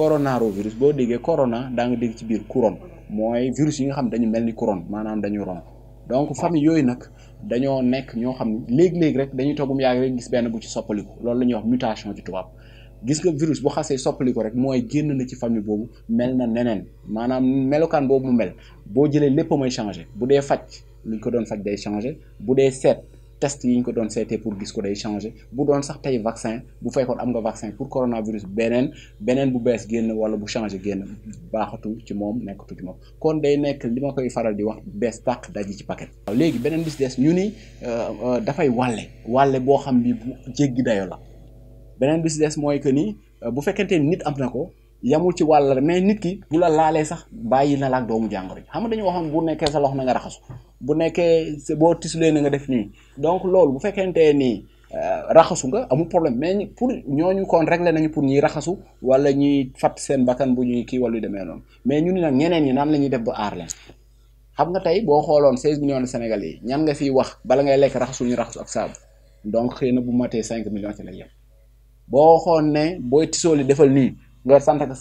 coronavirus boo déggee corona daa nga dégg ci biir couronne mooy virus yi nga xam ne dañu mel ni couronne maanaam dañu ron donc famille yooyu nag dañoo nekk ñoo xam ne léegi-léegi rek dañuy toggum yaag rek gis benn bu ci soppaliku loolu la ñuy wax mutation ci tubaab gis nga virus bu xasee soppaliku rek mooy génn na ci famille boobu mel na neneen maanaam melokaan boobu mu mel boo jëlee lépp mooy changé bu dee faj ñu ko doon faj day changé bu dee seet test yiñ ko doon seetee pour gis ko day changé bu doon sax tey vaccin bu fekkoon am nga vaccin pour coronavirus beneen beneen bu bees génn wala bu changé génn baaxatul ci moom nekkatul ci moom kon day nekk li ma koy faral di wax bees tàq daji ci paquet. waaw léegi beneen bis des ñu ni euh, euh, dafay wàlle wàlle boo xam bi bu jéggi dayo la beneen bis des mooy que ni euh, bu fekkente nit am na ko. yamul ci wàll la mais nit ki bu la laalee sax bàyyi na la ak doomu jàngoro ji xam nga dañu waxoon bu nekkee sa loxo na nga raxasu bu nekkee boo tisulee na nga def nii donc loolu bu fekkente ni euh, raxasu nga amul problème mais pour ñoo ñu koon rek réglé nañu pour ñuy raxasu wala ñuy fat seen bakkan bu ñuy kii wallu demee noonu mais ñu ni nag ñeneen ñi naan la ñuy def bu aar leen xam nga tey boo xooloon 16 millions de Sénégalais yi ñan nga fiy wax bala ngay lekk raxasu ñu raxasu ak donc xëy na bu matee 5 millions ci la yem boo xoon ne booy defal nii. nga sant que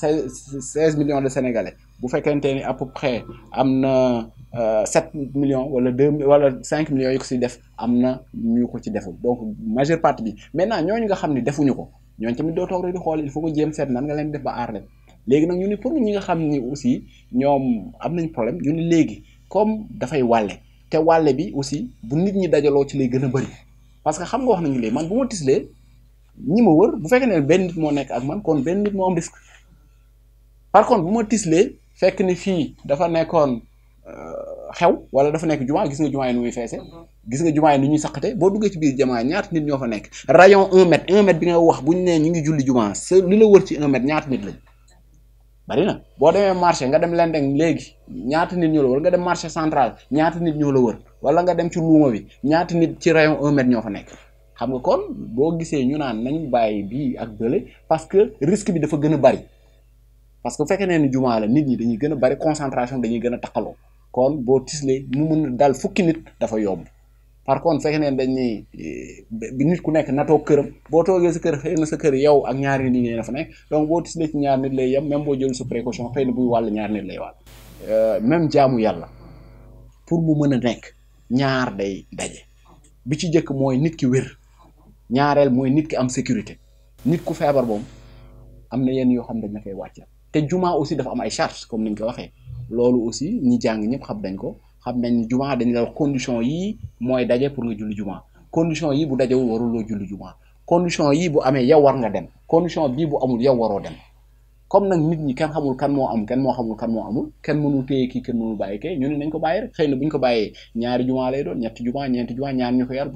seize millions de sénégalais bu fekkente ni à peu près am na euh, sept million wala deux wala cinq millions yu ko si def am na ñu ko ci deful donc majeure partie bi maintenant ñooñu nga xam ne defuñu ko ñooñ tamit doo toog rek di xool il faut que jéem seet nan nga leen def ba aar leen léegi nag ñu ni pour ñi nga xam ni aussi ñoom am nañ problème ñu ni léegi comme dafay wàlle te wàlle bi aussi bu nit ñi dajaloo ci lay gën a bëri parce que xam nga wax nañu léegi man bu ma ñi ma wër bu fekkee nee benn nit moo nekk ak man kon benn nit moo am risque par contre bu ma tislee fekk ni fii dafa nekkoon euh, xew wala dafa nekk jumaa gis nga jumaa yi nu muy feese gis nga jumaa yi nu ñuy saqate boo duggee ci biir jumaa ñaata nit ñoo fa nekk rayon un mètre bi nga wax bu ñu nee ñu ngi julli jumaa sa li la wër ci un mètre ñaata nit lañ bari na boo demee marché nga dem Lendeng léegi ñaata nit ñoo la wër nga dem marché central ñaata nit ñoo la wër wala nga dem ci luuma bi ñaata nit ci rayon un ñoo fa nekk xam nga kon boo gisee ñu naan nañu bàyyi bii ak bële parce que risque bi dafa gën a bari parce que bu fekkee nee ni jumaa la nit ñi dañuy gën a bari concentration dañuy gën a takkaloo kon boo tislee mu mën a dal fukki nit dafa yomb par contre fekkee neen dañ ni eh, bi nit ku nekk natoo këram boo toogee sa kër xëy na sa kër yow ak ñaari nit ñi dafa nekk donc boo tislee ci ñaar nit lay yem même boo jël sa précaution xëy na buy wàll ñaar nit lay wàll eh, même jaamu yàlla pour mu mën a nekk ñaar day daje ci njëkk mooy nit ki wér ñaareel mooy nit ki am sécurité nit ku feebar boobu am na yenn yoo xam dañ la koy wàcce te jumaa aussi dafa am ay charge comme ni ñu ko waxee loolu aussi ñi jàng ñëpp xam dañ ko xam nañ jumaa dañ la wax condition yii mooy daje pour nga julli jumaa condition yi bu dajewul waruloo julli jumaa condition yi bu amee yow war nga dem condition bii bu amul yow waroo dem comme nag nit ñi kenn xamul kan moo am kenn moo xamul kan moo amul kenn mënul téye kii kenn mënul bàyyi kay ñu ne nañ ko bàyyi rek xëy na bu ñu ko bàyyee ñaari jumaa lay doon ñetti jumaa ñeenti jumaa ñaar ñu ko kenn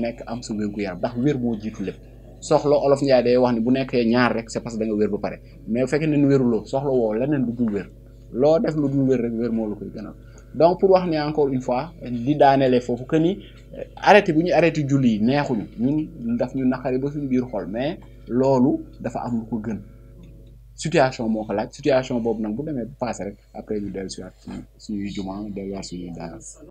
nekk am sa wér yaram ndax wér moo jiitu lépp soxla olof Ndiaye day wax ni bu nekkee ñaar rek c'est parce que da nga wér ba pare mais bu fekkee ne soxla woo leneen lu dul wér loo def lu dul wér rek wér moo la koy gënal donc pour wax encore une fois di daanelee fofu que ni euh, arrêté buñu arrêté julli yi neexuñu ñun daf ñu nakari ba suñu biir xol mais lolu dafa am lu ko gën situation moko ko laaj situation bobu nak bu démé passé rek après ñu dellu ci waat suñuy jumaa delluwaat suñuy daara